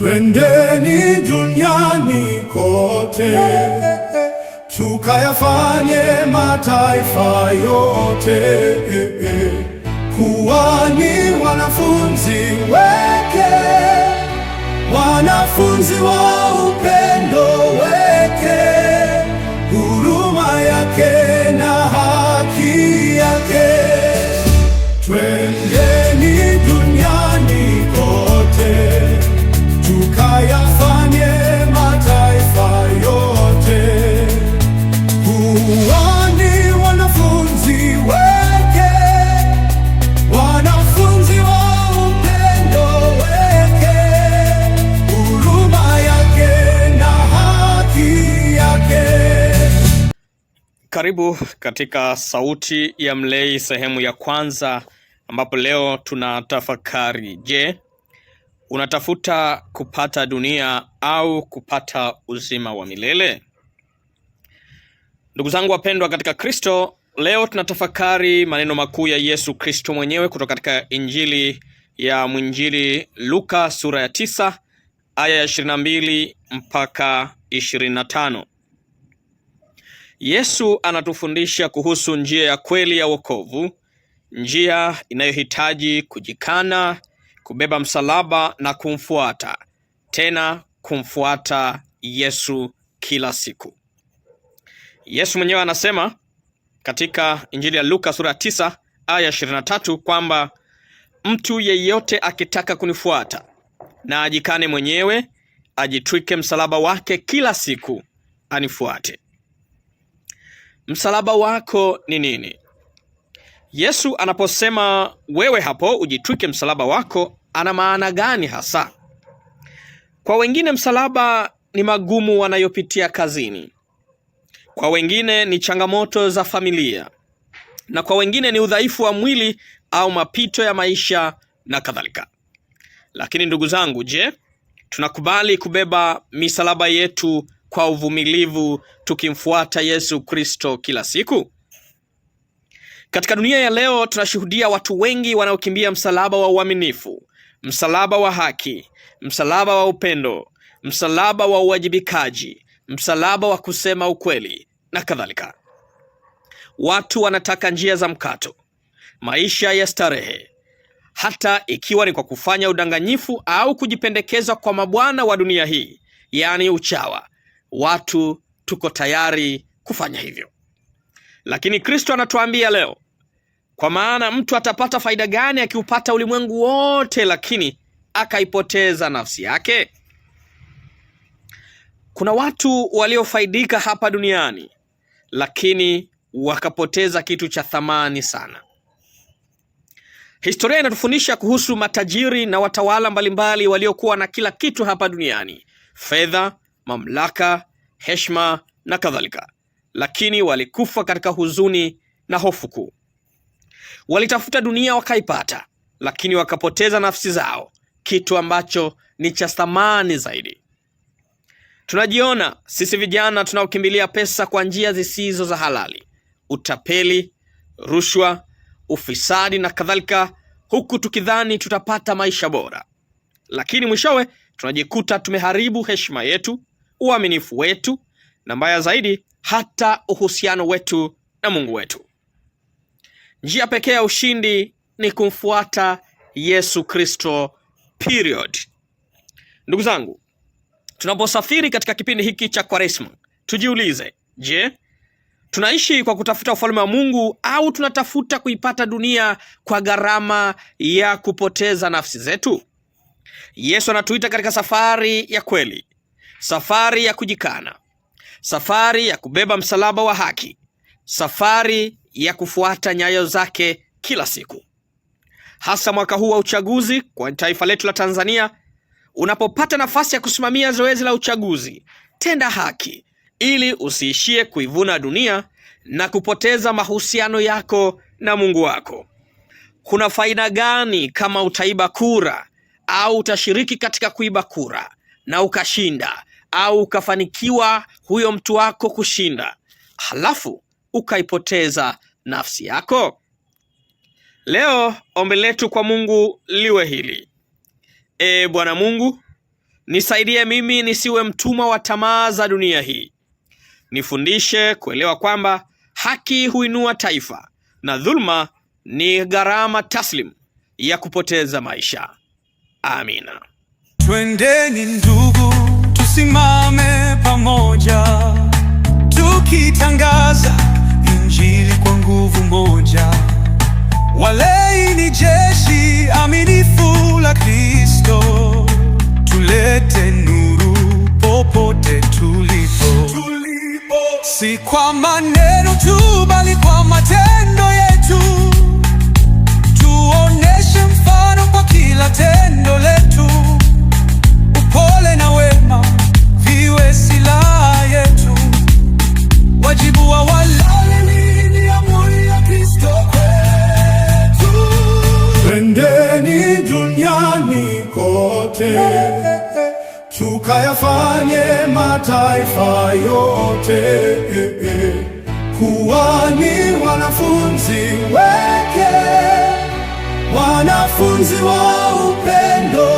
Twendeni duniani kote tukayafanye mataifa yote kuwa ni wanafunzi weke, wanafunzi wa upendo. huruma yake na Karibu katika Sauti ya Mlei sehemu ya kwanza, ambapo leo tuna tafakari. Je, unatafuta kupata dunia au kupata uzima wa milele? Ndugu zangu wapendwa katika Kristo, leo tunatafakari maneno makuu ya Yesu Kristo mwenyewe kutoka katika Injili ya mwinjili Luka sura ya tisa aya ya ishirini na mbili mpaka ishirini na tano. Yesu anatufundisha kuhusu njia ya kweli ya wokovu, njia inayohitaji kujikana, kubeba msalaba na kumfuata, tena kumfuata Yesu kila siku. Yesu mwenyewe anasema katika Injili ya Luka sura ya tisa aya ishirini kwamba mtu yeyote akitaka kunifuata na ajikane mwenyewe, ajitwike msalaba wake kila siku, anifuate. Msalaba wako ni nini? Yesu anaposema wewe hapo ujitwike msalaba wako, ana maana gani hasa? Kwa wengine msalaba ni magumu wanayopitia kazini, kwa wengine ni changamoto za familia, na kwa wengine ni udhaifu wa mwili au mapito ya maisha na kadhalika. Lakini ndugu zangu, je, tunakubali kubeba misalaba yetu kwa uvumilivu tukimfuata Yesu Kristo kila siku? Katika dunia ya leo tunashuhudia watu wengi wanaokimbia msalaba wa uaminifu, msalaba wa haki, msalaba wa upendo, msalaba wa uwajibikaji, msalaba wa kusema ukweli, na kadhalika. Watu wanataka njia za mkato, maisha ya starehe, hata ikiwa ni kwa kufanya udanganyifu au kujipendekeza kwa mabwana wa dunia hii, yaani uchawa. Watu tuko tayari kufanya hivyo, lakini Kristo anatuambia leo, kwa maana mtu atapata faida gani akiupata ulimwengu wote lakini akaipoteza nafsi yake? Kuna watu waliofaidika hapa duniani lakini wakapoteza kitu cha thamani sana. Historia inatufundisha kuhusu matajiri na watawala mbalimbali waliokuwa na kila kitu hapa duniani: fedha, mamlaka, heshima na kadhalika, lakini walikufa katika huzuni na hofu kuu. Walitafuta dunia wakaipata, lakini wakapoteza nafsi zao, kitu ambacho ni cha thamani zaidi. Tunajiona sisi vijana tunaokimbilia pesa kwa njia zisizo za halali, utapeli, rushwa, ufisadi na kadhalika, huku tukidhani tutapata maisha bora, lakini mwishowe tunajikuta tumeharibu heshima yetu, uaminifu wetu, na mbaya zaidi, hata uhusiano wetu na Mungu wetu. Njia pekee ya ushindi ni kumfuata Yesu Kristo period. Ndugu zangu, Tunaposafiri katika kipindi hiki cha Kwaresma, tujiulize, je, tunaishi kwa kutafuta ufalme wa Mungu au tunatafuta kuipata dunia kwa gharama ya kupoteza nafsi zetu? Yesu anatuita katika safari ya kweli, safari ya kujikana, safari ya kubeba msalaba wa haki, safari ya kufuata nyayo zake kila siku, hasa mwaka huu wa uchaguzi kwa taifa letu la Tanzania. Unapopata nafasi ya kusimamia zoezi la uchaguzi, tenda haki ili usiishie kuivuna dunia na kupoteza mahusiano yako na Mungu wako. Kuna faida gani kama utaiba kura au utashiriki katika kuiba kura na ukashinda au ukafanikiwa huyo mtu wako kushinda, halafu ukaipoteza nafsi yako? Leo ombi letu kwa Mungu liwe hili: E Bwana Mungu, nisaidie mimi nisiwe mtumwa wa tamaa za dunia hii. Nifundishe kuelewa kwamba haki huinua taifa na dhulma ni gharama taslim ya kupoteza maisha. Amina. Twendeni ndugu, tusimame pamoja tukitangaza si kwa maneno tu, bali kwa matendo yetu. Tuoneshe mfano kwa kila tendo letu, upole na wema viwe silaha yetu. Wajibu wa walale ni amri ya Kristo kwetu. Twendeni duniani kote tukayafanye mataifa yote kuwa ni wanafunzi weke, wanafunzi wa upendo